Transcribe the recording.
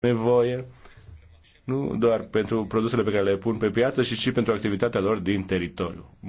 nevoie, nu doar pentru produsele pe care le pun pe piață, ci și pentru activitatea lor din teritoriu.